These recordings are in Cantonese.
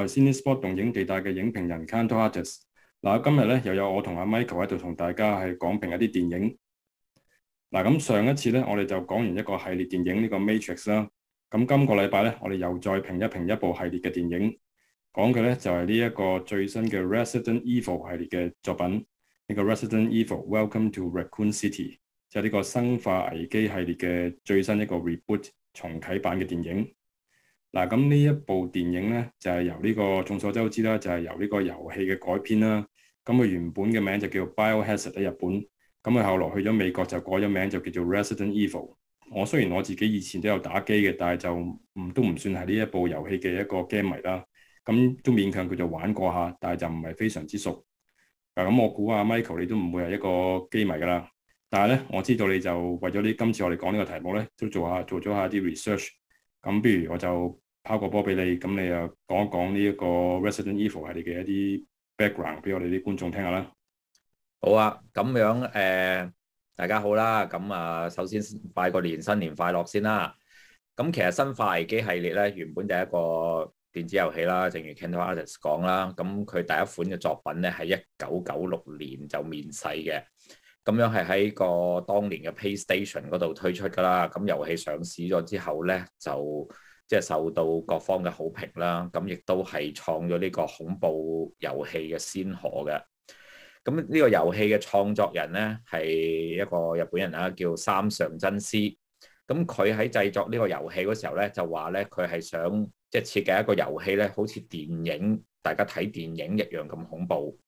我係 CineSpot r 動映地帶嘅影評人 Kantorates 嗱，今日咧又有我同阿 Michael 喺度同大家係講評一啲電影。嗱咁上一次咧，我哋就講完一個系列電影呢、這個 Matrix 啦。咁今個禮拜咧，我哋又再評一評一部系列嘅電影，講嘅咧就係呢一個最新嘅 Resident Evil 系列嘅作品，呢、這個 Resident Evil Welcome to Raccoon City，就係呢個生化危機系列嘅最新一個 reboot 重啟版嘅電影。嗱，咁呢一部電影咧，就係、是、由呢、這個眾所周知啦，就係、是、由呢個遊戲嘅改編啦。咁佢原本嘅名就叫 Biohazard 喺日本，咁佢後來去咗美國就改咗名就叫做 Resident Evil。我雖然我自己以前都有打機嘅，但係就唔都唔算係呢一部遊戲嘅一個 game 迷啦。咁都勉強佢就玩過下，但係就唔係非常之熟。嗱，咁我估啊 Michael 你都唔會係一個 g 迷噶啦。但係咧，我知道你就為咗呢今次我哋講呢個題目咧，都做下做咗下啲 research。咁，不如我就。拋個波俾你，咁你又講一講呢一個 Resident Evil 係你嘅一啲 background，俾我哋啲觀眾聽下啦。好啊，咁樣誒、呃，大家好啦，咁、嗯、啊，首先拜個年，新年快樂先啦。咁、嗯、其實生化危機系列咧，原本就係一個電子遊戲啦，正如 Kantorates 講啦，咁、嗯、佢第一款嘅作品咧係一九九六年就面世嘅，咁樣係喺個當年嘅 PlayStation 嗰度推出噶啦。咁遊戲上市咗之後咧，就即係受到各方嘅好評啦，咁亦都係創咗呢個恐怖遊戲嘅先河嘅。咁呢個遊戲嘅創作人呢，係一個日本人啦，叫三上真司。咁佢喺製作呢個遊戲嗰時候呢，就話呢，佢係想即係設計一個遊戲呢，好似電影，大家睇電影一樣咁恐怖，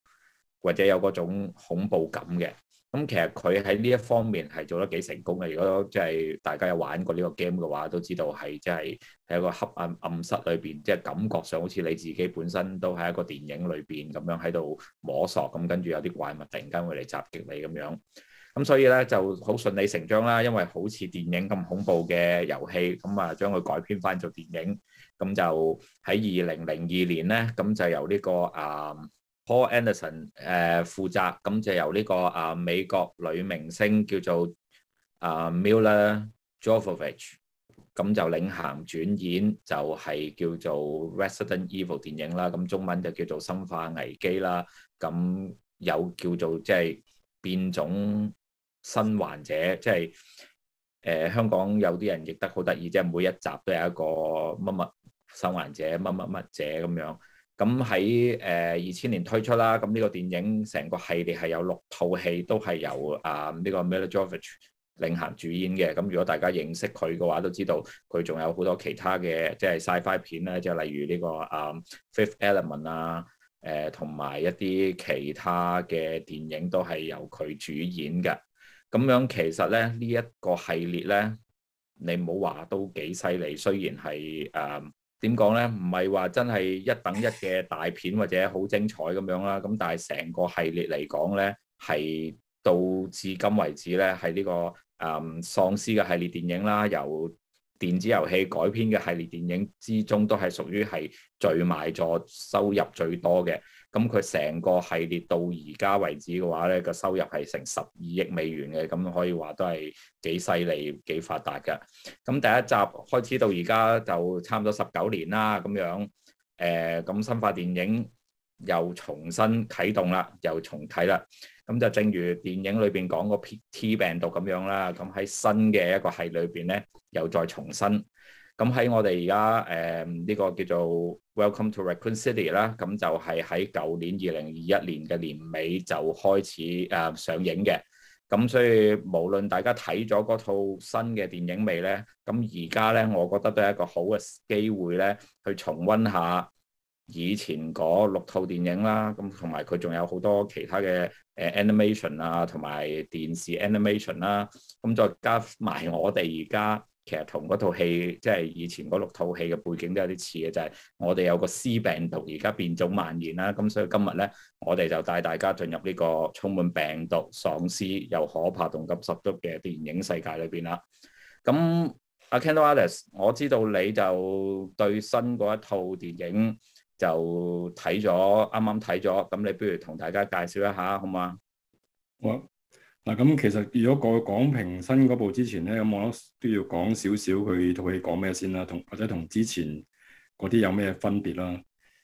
或者有嗰種恐怖感嘅。咁其實佢喺呢一方面係做得幾成功嘅。如果即係大家有玩過呢個 game 嘅話，都知道係即係喺一個黑暗暗室裏邊，即係感覺上好似你自己本身都喺一個電影裏邊咁樣喺度摸索。咁跟住有啲怪物突然間會嚟襲擊你咁樣。咁所以咧就好順理成章啦，因為好似電影咁恐怖嘅遊戲，咁啊將佢改編翻做電影，咁就喺二零零二年咧，咁就由呢個啊。Uh, Paul Anderson 誒、uh, 負責，咁就由呢、這個啊、uh, 美國女明星叫做啊、uh, Milla Jovovich，咁就領銜轉演就係、是、叫做 Resident Evil 電影啦，咁中文就叫做生化危機啦，咁有叫做即係變種生還者，即係誒香港有啲人譯得好得意，即、就、係、是、每一集都有一個乜乜生還者乜乜乜者咁樣。咁喺誒二千年推出啦，咁呢個電影成個系列係有六套戲，都係由啊呢個 Milla Jovovich 領銜主演嘅。咁如果大家認識佢嘅話，都知道佢仲有好多其他嘅即係 Sci-Fi 片啦，即係例如呢個啊《Fifth Element》啊，誒同埋一啲其他嘅電影都係由佢主演嘅。咁樣其實咧呢一個系列咧，你唔好話都幾犀利，雖然係誒，啊點講咧？唔係話真係一等一嘅大片或者好精彩咁樣啦。咁但係成個系列嚟講咧，係到至今為止咧，係呢、呢個誒、嗯、喪屍嘅系列電影啦，由電子遊戲改編嘅系列電影之中，都係屬於係最賣座，收入最多嘅。咁佢成個系列到而家為止嘅話咧，個收入係成十二億美元嘅，咁可以話都係幾犀利、幾發達㗎。咁第一集開始到而家就差唔多十九年啦，咁樣誒，咁、呃、新發電影。又重新啟動啦，又重啟啦。咁就正如電影裏邊講個 PT 病毒咁樣啦。咁喺新嘅一個系列裏邊咧，又再重新。咁喺我哋而家誒呢個叫做 Welcome to Raccoon City 啦。咁就係喺舊年二零二一年嘅年尾就開始誒上映嘅。咁所以無論大家睇咗嗰套新嘅電影未咧，咁而家咧，我覺得都係一個好嘅機會咧，去重溫下。以前嗰六套電影啦，咁同埋佢仲有好多其他嘅誒 animation 啊，同埋電視 animation 啦，咁再加埋我哋而家其實同嗰套戲，即係以前嗰六套戲嘅背景都有啲似嘅，就係、是、我哋有個 C 病毒而家變種蔓延啦，咁所以今日咧，我哋就帶大家進入呢個充滿病毒、喪屍又可怕、動急十足嘅電影世界裏邊啦。咁阿 Kantorates，我知道你就對新嗰一套電影。就睇咗，啱啱睇咗，咁你不如同大家介紹一下，好唔好？好，嗱，咁其實如果講評新嗰部之前咧，咁我都要講少少佢同佢講咩先啦，同或者同之前嗰啲有咩分別啦？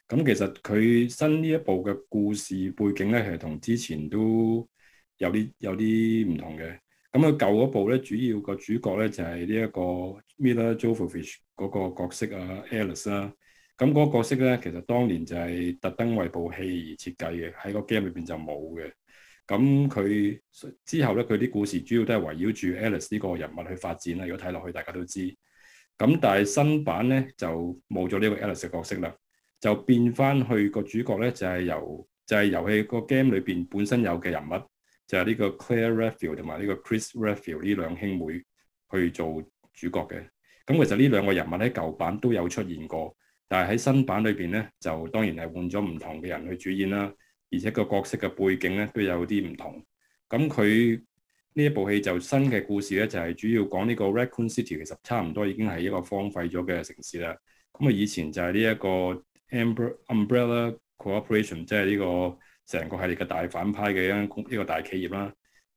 咁其實佢新呢一部嘅故事背景咧，係同之前都有啲有啲唔同嘅。咁佢舊嗰部咧，主要個主角咧就係呢一個 Mila Jovovich 嗰個角色啊，Alice 啊。咁嗰個角色咧，其實當年就係特登為部戲而設計嘅，喺個 game 裏邊就冇嘅。咁佢之後咧，佢啲故事主要都係圍繞住 Alice 呢個人物去發展啦。如果睇落去，大家都知。咁但係新版咧就冇咗呢個 Alice 嘅角色啦，就變翻去個主角咧就係由就係遊戲個 game 裏邊本身有嘅人物，就係呢個 Claire Redfield 同埋呢個 Chris Redfield 呢兩兄妹去做主角嘅。咁其實呢兩個人物喺舊版都有出現過。但係喺新版裏邊咧，就當然係換咗唔同嘅人去主演啦，而且個角色嘅背景咧都有啲唔同。咁佢呢一部戲就新嘅故事咧，就係、是、主要講呢個 Raccoon City 其實差唔多已經係一個荒廢咗嘅城市啦。咁啊，以前就係呢一個 Umbrella Corporation，即係呢個成個系列嘅大反派嘅一間一個大企業啦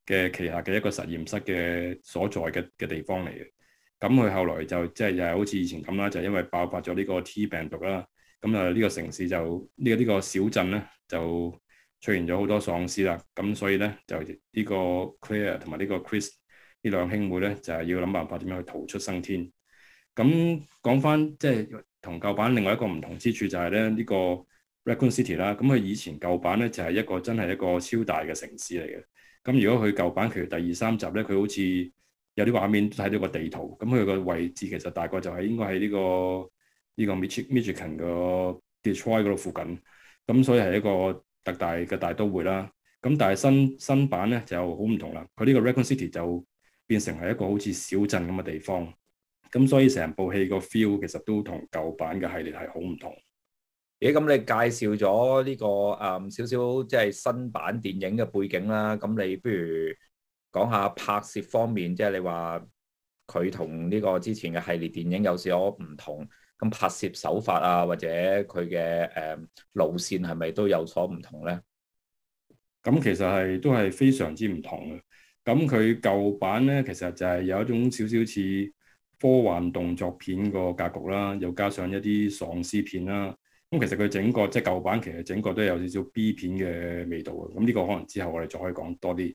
嘅旗下嘅一個實驗室嘅所在嘅嘅地方嚟嘅。咁佢後來就即係又係好似以前咁啦，就係、因為爆發咗呢個 T 病毒啦，咁啊呢個城市就呢、呢個呢、呢個小鎮咧就出現咗好多喪屍啦，咁所以咧就呢個 Claire 同埋呢個 Chris 呢兩兄妹咧就係、係、要諗辦法點樣去逃出生天。咁講翻即係同舊版另外一個唔同之處就係咧呢個 Raccoon City 啦，咁佢以前舊版咧就係一個真係一個超大嘅城市嚟嘅。咁如果佢舊版其實第二三集咧，佢好似有啲畫面睇到個地圖，咁佢個位置其實大概就係應該喺呢個呢、這個 Michigan 嘅 Detroit 嗰度附近，咁所以係一個特大嘅大都會啦。咁但係新新版咧就好唔同啦，佢呢個 Raccoon City 就變成係一個好似小鎮咁嘅地方，咁所以成部戲個 feel 其實都同舊版嘅系列係好唔同。咦、嗯？咁你介紹咗呢個誒、嗯、少少即係新版電影嘅背景啦，咁你不如？講下拍攝方面，即係你話佢同呢個之前嘅系列電影有少少唔同，咁拍攝手法啊，或者佢嘅誒路線係咪都有所唔同咧？咁其實係都係非常之唔同嘅。咁佢舊版咧，其實就係有一種少少似科幻動作片個格局啦，又加上一啲喪屍片啦。咁其實佢整個即係舊版，其實整個都有少少 B 片嘅味道啊。咁呢個可能之後我哋再可以講多啲。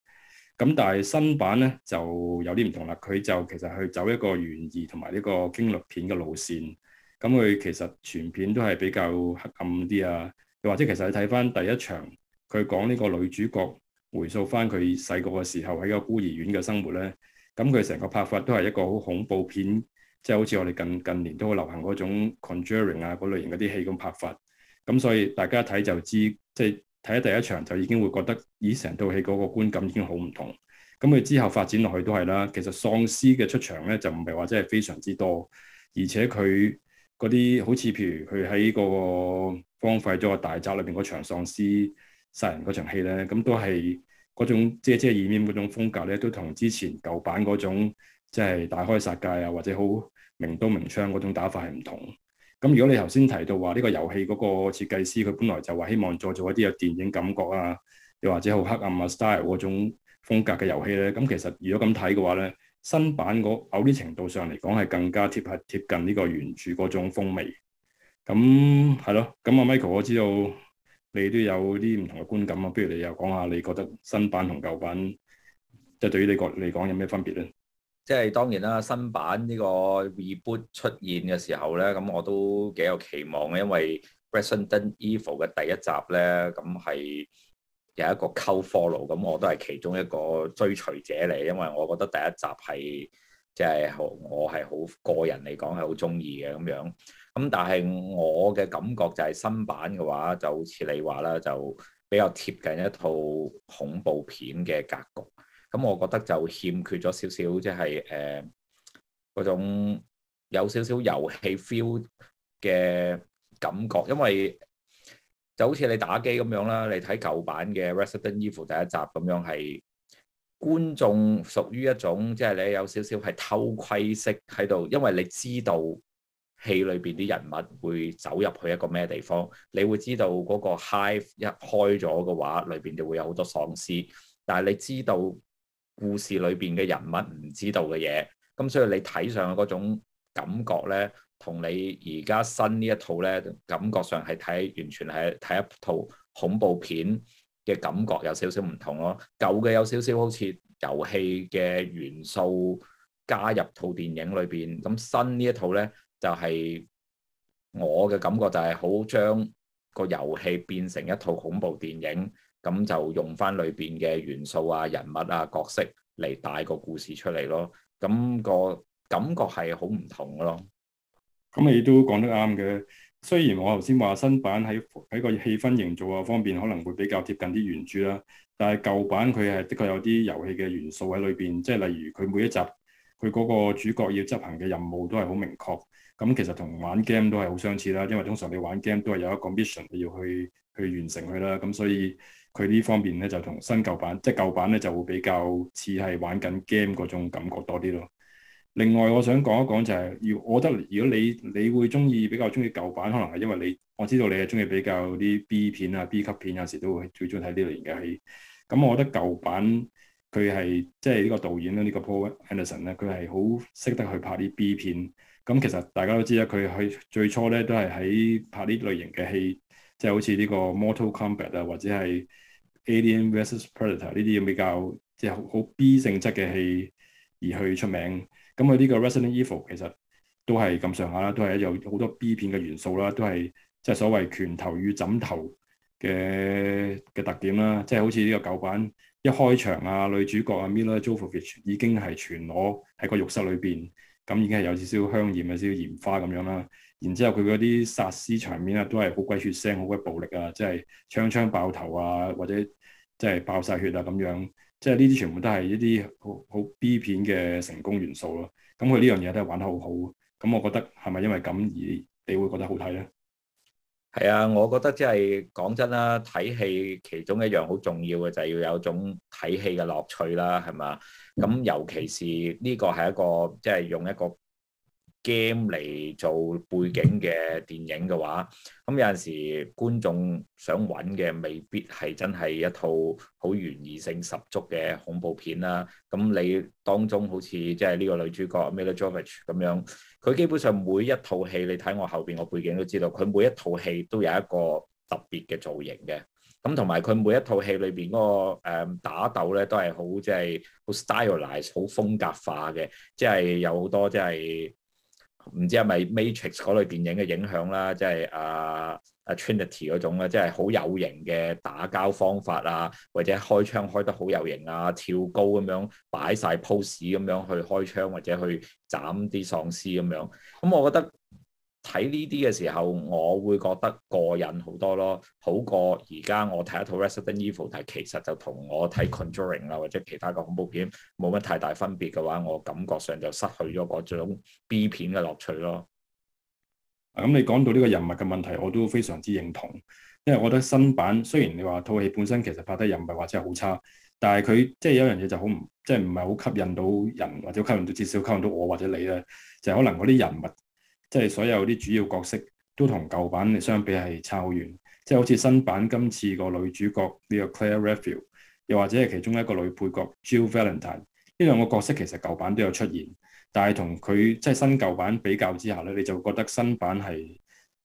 咁但係新版咧就有啲唔同啦，佢就其實去走一個懸疑同埋呢個驚慄片嘅路線。咁佢其實全片都係比較黑暗啲啊，又或者其實你睇翻第一場，佢講呢個女主角回溯翻佢細個嘅時候喺個孤兒院嘅生活咧。咁佢成個拍法都係一個好恐怖片，即係好似我哋近近年都好流行嗰種 Conjuring 啊嗰類型嗰啲戲咁拍法。咁所以大家一睇就知即係。睇第一場就已經會覺得，已成套戲嗰個觀感已經好唔同。咁佢之後發展落去都係啦。其實喪屍嘅出場咧，就唔係話真係非常之多，而且佢嗰啲好似譬如佢喺個荒廢咗個大宅裏邊嗰場喪屍殺人嗰場戲咧，咁都係嗰種即係即係以免嗰種風格咧，都同之前舊版嗰種即係大開殺戒啊或者好明刀明槍嗰種打法係唔同。咁如果你頭先提到話呢個遊戲嗰個設計師佢本來就話希望再做，做一啲有電影感覺啊，又或者好黑暗啊 style 嗰種風格嘅遊戲咧，咁其實如果咁睇嘅話咧，新版嗰某啲程度上嚟講係更加貼係貼近呢個原著嗰種風味。咁係咯，咁阿 Michael 我知道你都有啲唔同嘅觀感啊，不如你又講下你覺得新版同舊版即係、就是、對於你嚟講有咩分別咧？即係當然啦，新版呢個 reboot 出現嘅時候呢，咁我都幾有期望嘅，因為 Resident Evil 嘅第一集呢，咁係有一個 follow 咁，我都係其中一個追隨者嚟，因為我覺得第一集係即係好，就是、我係好個人嚟講係好中意嘅咁樣。咁但係我嘅感覺就係新版嘅話，就好似你話啦，就比較貼近一套恐怖片嘅格局。咁我覺得就欠缺咗少少，即係誒嗰種有少少遊戲 feel 嘅感覺，因為就好似你打機咁樣啦，你睇舊版嘅 Resident Evil 第一集咁樣，係觀眾屬於一種即係、就是、你有少少係偷窺式喺度，因為你知道戲裏邊啲人物會走入去一個咩地方，你會知道嗰個 hive 一開咗嘅話，裏邊就會有好多喪屍，但係你知道。故事裏邊嘅人物唔知道嘅嘢，咁所以你睇上嘅嗰種感覺咧，同你而家新呢一套咧，感覺上係睇完全係睇一套恐怖片嘅感覺，有少少唔同咯。舊嘅有少少好似遊戲嘅元素加入套電影裏邊，咁新呢一套咧就係我嘅感覺就係好將個遊戲變成一套恐怖電影。咁就用翻裏邊嘅元素啊、人物啊、角色嚟帶個故事出嚟咯，咁個感覺係好唔同嘅咯。咁你都講得啱嘅，雖然我頭先話新版喺喺個氣氛營造啊方面可能會比較貼近啲原著啦，但係舊版佢係的確有啲遊戲嘅元素喺裏邊，即係例如佢每一集佢嗰個主角要執行嘅任務都係好明確。咁其實同玩 game 都係好相似啦，因為通常你玩 game 都係有一個 mission 你要去去完成佢啦，咁所以。佢呢方面咧就同新舊版，即係舊版咧就會比較似係玩緊 game 嗰種感覺多啲咯。另外，我想講一講就係、是、要，我覺得如果你你會中意比較中意舊版，可能係因為你我知道你係中意比較啲 B 片啊 B 級片，有時都會最中意睇呢類型嘅戲。咁、嗯、我覺得舊版佢係即係呢個導演咧，呢、這個 Paul Anderson 咧，佢係好識得去拍啲 B 片。咁、嗯、其實大家都知咧，佢喺最初咧都係喺拍呢類型嘅戲，即係好似呢個 Mortal Kombat 啊，或者係。Alien vs Predator 呢啲比較即係好好 B 性質嘅戲而去出名，咁佢呢個 Resident Evil 其實都係咁上下啦，都係有好多 B 片嘅元素啦，都係即係所謂拳頭與枕頭嘅嘅特點啦，即係好似呢個舊版一開場啊，女主角啊 Mila Jovovich 已經係全裸喺個浴室裏邊，咁已經係有少少香豔有少少鹽花咁樣啦。然之後佢嗰啲殺屍場面啊，都係好鬼血腥、好鬼暴力啊！即係槍槍爆頭啊，或者即係爆晒血啊咁樣，即係呢啲全部都係一啲好好 B 片嘅成功元素咯。咁佢呢樣嘢都係玩得好好。咁我覺得係咪因為咁而你會覺得好睇咧？係啊，我覺得即係講真啦，睇戲其中一樣好重要嘅就係要有種睇戲嘅樂趣啦，係嘛？咁尤其是呢個係一個即係用一個。Game 嚟做背景嘅電影嘅話，咁有陣時觀眾想揾嘅未必係真係一套好懸疑性十足嘅恐怖片啦。咁你當中好似即係呢個女主角 Milla Jovovich 咁樣，佢基本上每一套戲你睇我後邊個背景都知道，佢每一套戲都有一個特別嘅造型嘅。咁同埋佢每一套戲裏邊嗰個打鬥咧，都係好即係好 stylised 好風格化嘅，即係有好多即係。就是唔知係咪 Matrix 嗰類電影嘅影響啦，即係啊啊 Trinity 嗰種咧，即係好有型嘅打交方法啊，或者開槍開得好有型啊，跳高咁樣擺晒 pose 咁樣去開槍或者去斬啲喪屍咁樣，咁，嗯，我覺得。睇呢啲嘅時候，我會覺得過癮好多咯，好過而家我睇一套《Resident Evil》睇，其實就同我睇《Conjuring》啦，或者其他嘅恐怖片冇乜太大分別嘅話，我感覺上就失去咗嗰種 B 片嘅樂趣咯。咁、啊嗯、你講到呢個人物嘅問題，我都非常之認同，因為我覺得新版雖然你話套戲本身其實拍得又唔係話真係好差，但係佢即係有一樣嘢就好唔即係唔係好吸引到人，或者吸引到至少吸引到我或者你咧，就係、是、可能啲人物。即係所有啲主要角色都同舊版嚟相比係差好遠，即係好似新版今次個女主角呢個 Claire Redfield，又或者係其中一個女配角 Jill Valentine，呢兩個角色其實舊版都有出現，但係同佢即係新舊版比較之下咧，你就覺得新版係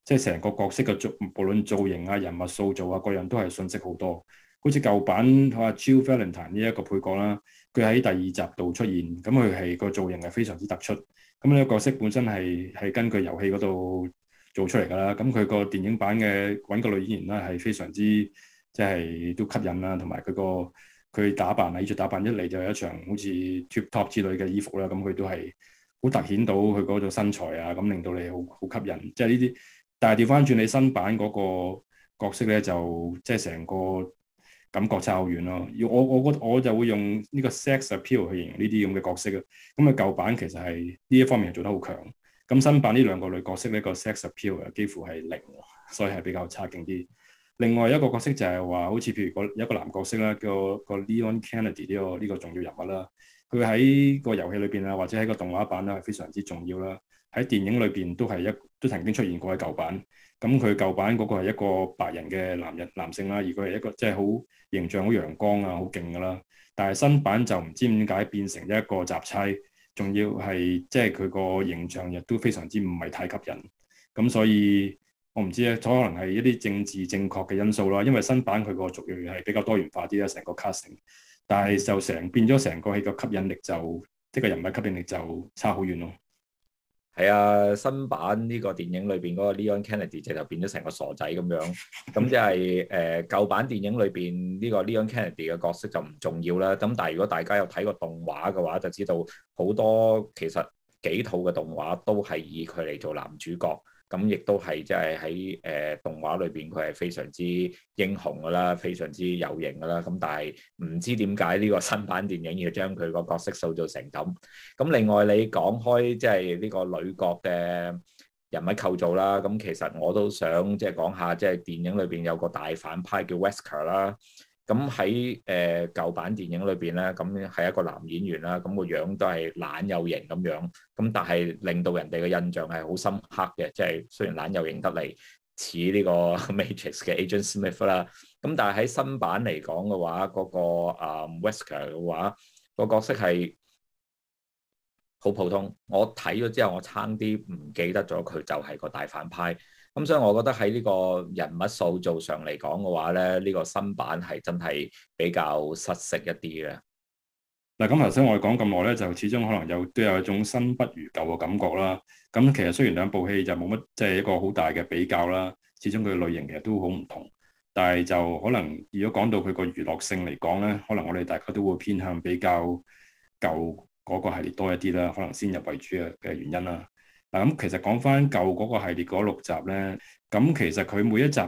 即係成個角色嘅造，無論造型啊、人物塑造啊，各樣都係遜色好多。好似舊版睇下 Jill Valentine 呢一個配角啦。佢喺第二集度出現，咁佢係個造型係非常之突出。咁、那、呢個角色本身係係根據遊戲嗰度做出嚟㗎啦。咁佢個電影版嘅揾個女演員啦係非常之即係都吸引啦，同埋佢個佢打扮啊，衣著打扮一嚟就係一場好似 tube top 之類嘅衣服啦。咁佢都係好突顯到佢嗰種身材啊，咁令到你好好吸引。即係呢啲，但係調返轉你新版嗰個角色咧，就即係成個。感覺差好遠咯，要我我覺得我就會用呢個 sex appeal 去形容呢啲咁嘅角色咯。咁啊舊版其實係呢一方面係做得好強，咁新版呢兩個女角色呢、呢個 sex appeal 幾乎係零，所以係比較差勁啲。另外一個角色就係話，好似譬如個一個男角色啦，叫個個 Leon Kennedy 呢個呢個重要人物啦，佢喺個遊戲裏邊啊，或者喺個動畫版啦，係非常之重要啦。喺電影裏邊都係一都曾經出現過嘅舊版，咁佢舊版嗰個係一個白人嘅男人男性啦，如果係一個即係好形象好陽光啊，好勁㗎啦。但係新版就唔知點解變成一個雜差，仲要係即係佢個形象亦都非常之唔係太吸引。咁所以我唔知咧，可能係一啲政治正確嘅因素啦。因為新版佢個族裔係比較多元化啲啦，成個 casting。但係就成變咗成個戲個吸引力就即係、就是、人物吸引力就差好遠咯。係啊，新版呢個電影裏邊嗰個 Leon Kennedy 就變咗成個傻仔咁樣，咁即係誒舊版電影裏邊呢個 Leon Kennedy 嘅角色就唔重要啦。咁但係如果大家有睇過動畫嘅話，就知道好多其實幾套嘅動畫都係以佢嚟做男主角。咁亦都係即係喺誒動畫裏邊，佢係非常之英雄噶啦，非常之有型噶啦。咁但係唔知點解呢個新版電影要將佢個角色塑造成咁。咁另外你講開即係呢個女角嘅人物構造啦，咁其實我都想即係講下即係電影裏邊有個大反派叫 Wesker 啦。咁喺誒舊版電影裏邊咧，咁係一個男演員啦，咁個樣都係懶有型咁樣，咁但係令到人哋嘅印象係好深刻嘅，即係雖然懶有型得嚟，似呢個 Matrix 嘅 Agent Smith 啦，咁但係喺新版嚟講嘅話，嗰個啊 uh, Wesker 嘅話，個角色係好普通，我睇咗之後我差啲唔記得咗佢就係個大反派。咁、嗯、所以，我覺得喺呢個人物塑造上嚟講嘅話咧，呢、呢個新版係真係比較失色一啲嘅。嗱，咁頭先我哋講咁耐咧，就始終可能有都有一種新不如舊嘅感覺啦。咁其實雖然兩部戲就冇乜即係一個好大嘅比較啦，始終佢嘅類型其實都好唔同，但係就可能如果講到佢個娛樂性嚟講咧，可能我哋大家都會偏向比較舊嗰個系列多一啲啦，可能先入為主嘅嘅原因啦。嗱咁，其實講翻舊嗰個系列嗰六集咧，咁其實佢每一集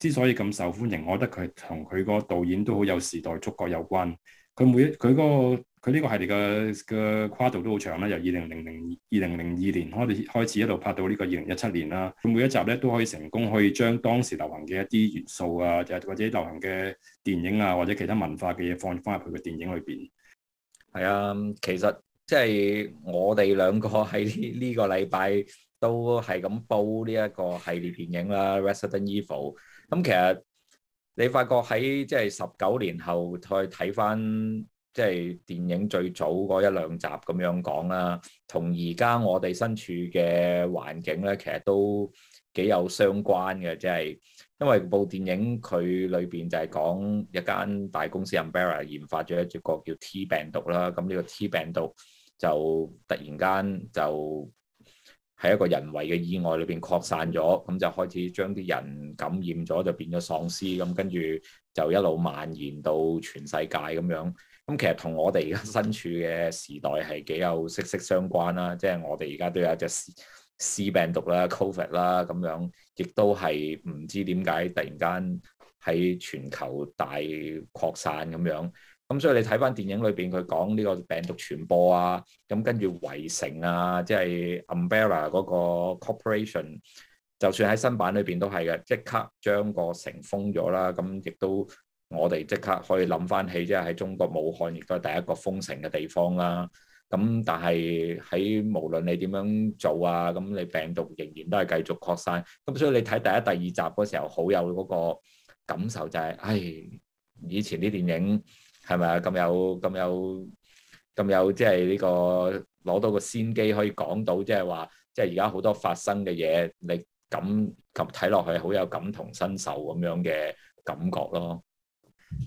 之所以咁受歡迎，我覺得佢同佢個導演都好有時代觸覺有關。佢每佢嗰個，佢呢個系列嘅嘅跨度都好長啦，由二零零零二零零二年開始開始，一路拍到呢個二零一七年啦。佢每一集咧，都可以成功可以將當時流行嘅一啲元素啊，又或者流行嘅電影啊，或者其他文化嘅嘢放翻入佢嘅電影裏邊。係啊，其實。即係我哋兩個喺呢個禮拜都係咁煲呢一個系列電影啦，《Resident Evil》。咁其實你發覺喺即係十九年後再睇翻，即係電影最早嗰一兩集咁樣講啦，同而家我哋身處嘅環境咧，其實都幾有相關嘅。即係因為部電影佢裏邊就係講一間大公司 Umbrella 研發咗一隻個叫 T 病毒啦。咁呢個 T 病毒就突然間就喺一個人為嘅意外裏邊擴散咗，咁就開始將啲人感染咗，就變咗喪屍咁，跟住就一路蔓延到全世界咁樣。咁其實同我哋而家身處嘅時代係幾有息息相關啦。即係我哋而家都有一隻 C 病毒啦，Covid 啦，咁樣亦都係唔知點解突然間喺全球大擴散咁樣。咁所以你睇翻電影裏邊佢講呢個病毒傳播啊，咁跟住圍城啊，即係 Umbrella 嗰個 Corporation 就算喺新版裏邊都係嘅，即刻將個城封咗啦。咁亦都我哋即刻可以諗翻起，即係喺中國武漢亦都係第一個封城嘅地方啦啊。咁但係喺無論你點樣做啊，咁你病毒仍然都係繼續擴散。咁所以你睇第一、第二集嗰時候好有嗰個感受，就係，就係唉，以前啲電影。係咪啊？咁有咁有咁有，即係呢個攞到個先機，可以講到即係話，即係而家好多發生嘅嘢，你感及睇落去好有感同身受咁樣嘅感覺咯。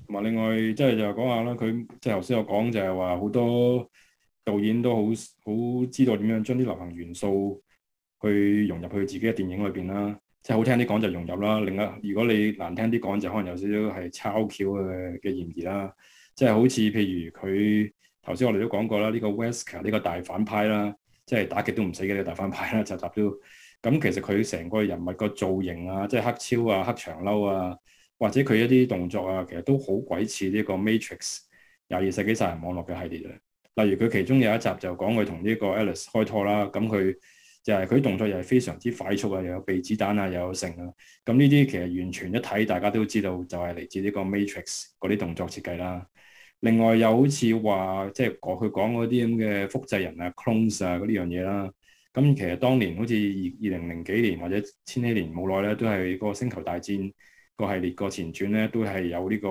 同埋另外，即係就講下啦，佢即係頭先我講就係話，好多導演都好好知道點樣將啲流行元素去融入去自己嘅電影裏邊啦。即係好聽啲講就融入啦。另外如果你難聽啲講就可能有少少係抄橋嘅嘅嫌疑啦。即係好似譬如佢頭先我哋都講過啦，呢個 Wesker 呢個大反派啦，即係打極都唔死嘅呢個大反派啦，集集都咁其實佢成個人物個造型啊，即係黑超啊、黑長褸啊，或者佢一啲動作啊，其實都好鬼似呢個 Matrix 廿二世紀殺人網絡嘅系列啊。例如佢其中有一集就講佢同呢個 Alice 開拖啦，咁佢。就係佢動作又係非常之快速啊，又有避子彈啊，又有剩啊。咁呢啲其實完全一睇，大家都知道就係、是、嚟自呢個 Matrix 嗰啲動作設計啦。另外又好似話，即、就、係、是、講佢講嗰啲咁嘅複製人啊、clones 啊嗰呢樣嘢啦。咁其實當年好似二零零幾年或者千禧年冇耐咧，都係個星球大戰個系列個前傳咧，都係有呢、這個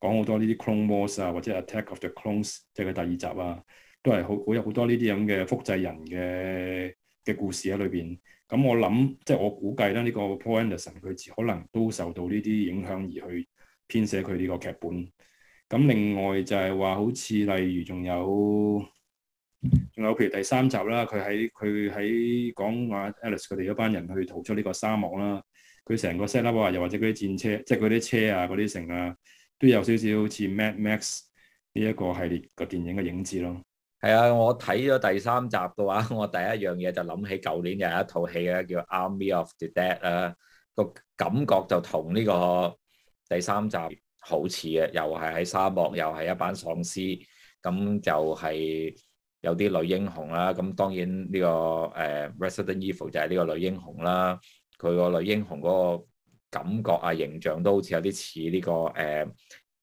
講好多呢啲 Clone Wars 啊，或者 Attack of the Clones 即係佢第二集啊，都係好好有好多呢啲咁嘅複製人嘅嘅故事喺裏邊，咁我諗即係我估計咧，呢個 Paul Anderson 佢可能都受到呢啲影響而去編寫佢呢個劇本。咁另外就係話，好似例如仲有仲有譬如第三集啦，佢喺佢喺講話 Alice 佢哋嗰班人去逃出呢個沙漠啦。佢成個 set up 啊，又或者嗰啲戰車，即係嗰啲車啊、嗰啲城啊，都有少少好似 Mad Max 呢一個系列個電影嘅影子咯。係啊，我睇咗第三集嘅話，我第一樣嘢就諗起舊年又有一套戲嘅叫《Army of the Dead》啊，個感覺就同呢個第三集好似嘅，又係喺沙漠，又係一班喪屍，咁就係有啲女英雄啦。咁當然呢、呢個誒、啊、Resident Evil 就係呢個女英雄啦，佢個女英雄嗰個感覺啊形象都好似有啲似呢個誒。啊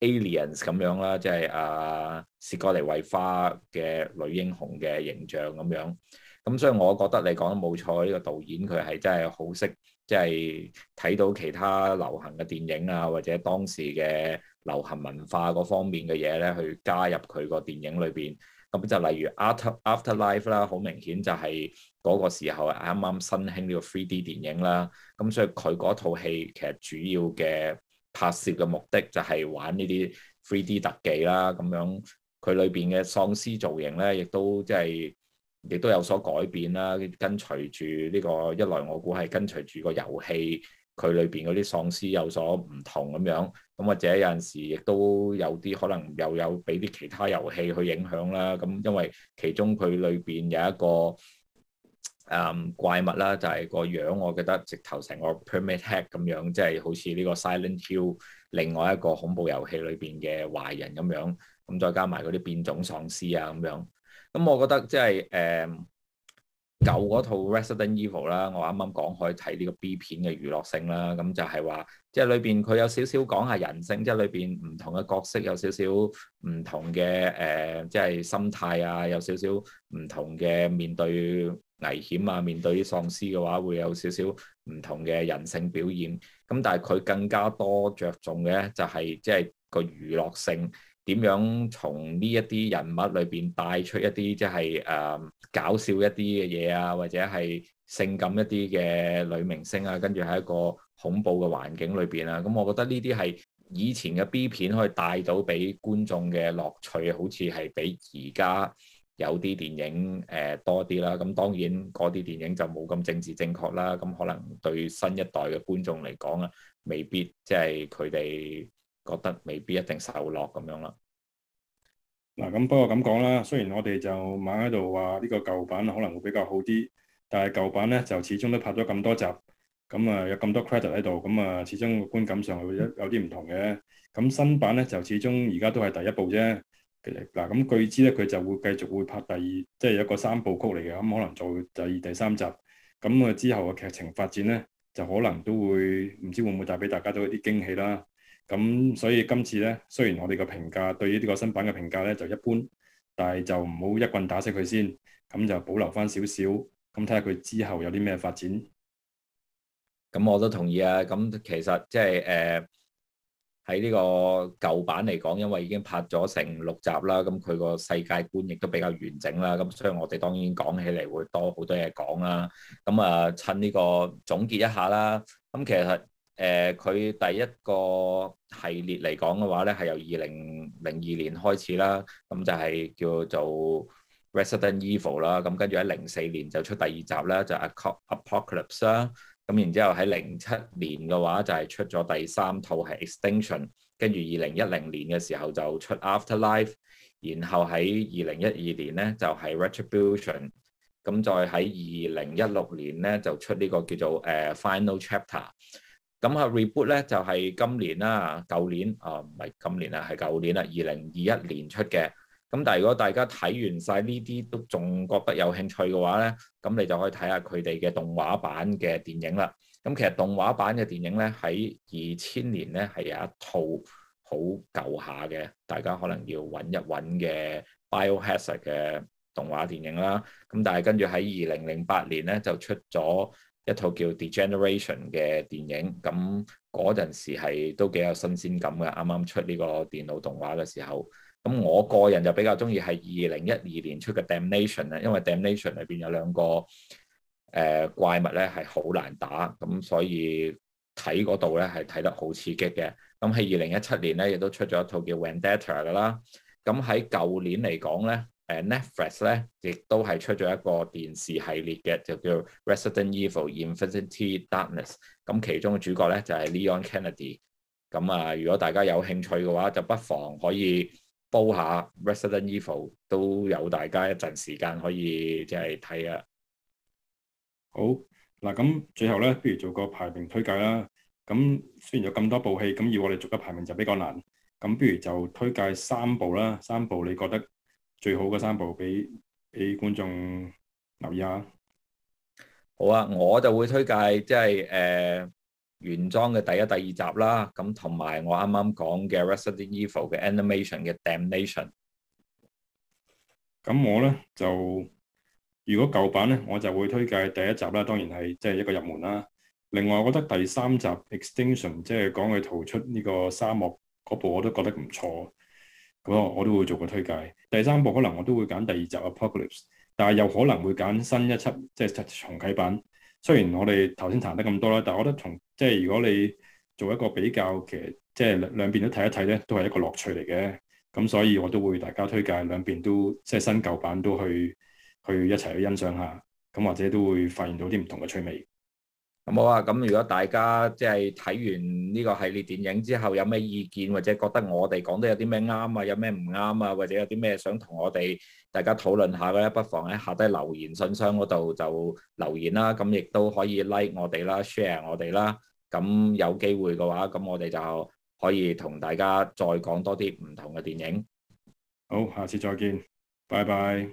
Aliens 咁樣啦，即係啊，雪歌妮韋花嘅女英雄嘅形象咁樣。咁所以我覺得你講得冇錯，呢個導演佢係真係好識，即係睇到其他流行嘅電影啊，或者當時嘅流行文化嗰方面嘅嘢咧，去加入佢個電影裏邊。咁就例如 After Afterlife 啦，好明顯就係嗰個時候啱啱新興呢個 3D 電影啦。咁所以佢嗰套戲其實主要嘅。拍攝嘅目的就係玩呢啲 3D 特技啦，咁樣佢裏邊嘅喪屍造型咧，亦都即係亦都有所改變啦。跟隨住呢個一來我估係跟隨住個遊戲佢裏邊嗰啲喪屍有所唔同咁樣，咁或者有陣時亦都有啲可能又有俾啲其他遊戲去影響啦。咁因為其中佢裏邊有一個。誒、嗯、怪物啦、啊，就係、是、個樣，我覺得直頭成個 Pyramid Head 咁樣，即、就、係、是、好似呢個 Silent Hill 另外一個恐怖遊戲裏邊嘅壞人咁樣，咁、嗯嗯、再加埋嗰啲變種喪屍啊咁樣，咁、嗯嗯、我覺得即係誒舊嗰套 Resident Evil 啦，我啱啱講開睇呢個 B 片嘅娛樂性啦，咁、嗯、就係話即係裏邊佢有少少講下人性，即係裏邊唔同嘅角色有少少唔同嘅誒，即、呃、係、就是、心態啊，有少少唔同嘅面對。危險啊！面對啲喪屍嘅話，會有少少唔同嘅人性表現。咁但係佢更加多着重嘅就係即係個娛樂性，點樣從呢一啲人物裏邊帶出一啲即係誒搞笑一啲嘅嘢啊，或者係性感一啲嘅女明星啊，跟住喺一個恐怖嘅環境裏邊啊。咁我覺得呢啲係以前嘅 B 片可以帶到俾觀眾嘅樂趣，好似係比而家。有啲電影誒、呃、多啲啦，咁、嗯、當然嗰啲電影就冇咁政治正確啦，咁、嗯、可能對新一代嘅觀眾嚟講啊，未必即係佢哋覺得未必一定受落咁樣啦。嗱、啊，咁不過咁講啦，雖然我哋就買喺度話呢個舊版可能會比較好啲，但係舊版咧就始終都拍咗咁多集，咁、嗯、啊有咁多 credit 喺度，咁、嗯、啊始終個觀感上會有有啲唔同嘅。咁、嗯、新版咧就始終而家都係第一部啫。嗱，咁據知咧，佢就會繼續會拍第二，即係一個三部曲嚟嘅，咁可能做第二、第三集，咁啊之後嘅劇情發展咧，就可能都會唔知會唔會帶俾大家多一啲驚喜啦。咁所以今次咧，雖然我哋嘅評價對於呢個新版嘅評價咧就一般，但係就唔好一棍打死佢先，咁就保留翻少少，咁睇下佢之後有啲咩發展。咁我都同意啊！咁其實即係誒。呃喺呢個舊版嚟講，因為已經拍咗成六集啦，咁佢個世界觀亦都比較完整啦，咁所以我哋當然講起嚟會多好多嘢講啦。咁啊，趁呢個總結一下啦。咁其實誒，佢、呃、第一個系列嚟講嘅話咧，係由二零零二年開始啦，咁就係叫做 Resident Evil 啦。咁跟住喺零四年就出第二集啦，就係、Apocalypse。咁然之後喺零七年嘅話就係出咗第三套係 Extinction，跟住二零一零年嘅時候就出 Afterlife，然後喺二零一二年咧就係 Retribution，咁再喺二零一六年咧就出呢個叫做誒 Final Chapter，咁啊 Reboot 咧就係今年啦，舊年啊唔係今年啊係舊年啦，二零二一年出嘅。咁但係如果大家睇完晒呢啲都仲覺得有興趣嘅話咧，咁你就可以睇下佢哋嘅動畫版嘅電影啦。咁其實動畫版嘅電影咧喺二千年咧係有一套好舊下嘅，大家可能要揾一揾嘅《Biohazard》嘅動畫電影啦。咁但係跟住喺二零零八年咧就出咗一套叫《Degeneration》嘅電影。咁嗰陣時係都幾有新鮮感嘅，啱啱出呢個電腦動畫嘅時候。咁我個人就比較中意係二零一二年出嘅《Damnation》咧，因為《Damnation》裏邊有兩個誒、呃、怪物咧係好難打，咁所以睇嗰度咧係睇得好刺激嘅。咁喺二零一七年咧亦都出咗一套叫《Vendetta》噶啦。咁喺舊年嚟講咧，誒、呃《Netflix》咧亦都係出咗一個電視系列嘅，就叫《Resident Evil: Infinite Darkness》。咁其中嘅主角咧就係、是、Leon Kennedy。咁啊，如果大家有興趣嘅話，就不妨可以。煲下 Resident Evil 都有大家一陣時間可以即係睇啊！好嗱，咁最後咧，不如做個排名推介啦。咁雖然有咁多部戲，咁要我哋做個排名就比較難。咁不如就推介三部啦，三部你覺得最好嘅三部俾俾觀眾留意下。好啊，我就會推介即係誒。就是呃原裝嘅第一、第二集啦，咁同埋我啱啱講嘅《Resident Evil》嘅 Animation 嘅《Damnation》。咁我咧就，如果舊版咧，我就會推介第一集啦，當然係即係一個入門啦。另外，我覺得第三集《Extinction》，即係講佢逃出呢個沙漠嗰部，我都覺得唔錯。咁我我都會做個推介。第三部可能我都會揀第二集《Apocalypse》，但係又可能會揀新一輯，即係重啟版。雖然我哋頭先談得咁多啦，但係我覺得同即係如果你做一個比較，其實即係兩兩邊都睇一睇咧，都係一個樂趣嚟嘅。咁所以我都會大家推介兩邊都即係新舊版都去去一齊去欣賞下，咁或者都會發現到啲唔同嘅趣味。冇啊！咁如果大家即係睇完呢個系列電影之後，有咩意見或者覺得我哋講得有啲咩啱啊，有咩唔啱啊，或者有啲咩想同我哋大家討論下嘅咧，不妨喺下低留言信箱嗰度就留言啦。咁亦都可以 like 我哋啦，share 我哋啦。咁有機會嘅話，咁我哋就可以同大家再講多啲唔同嘅電影。好，下次再見，拜拜。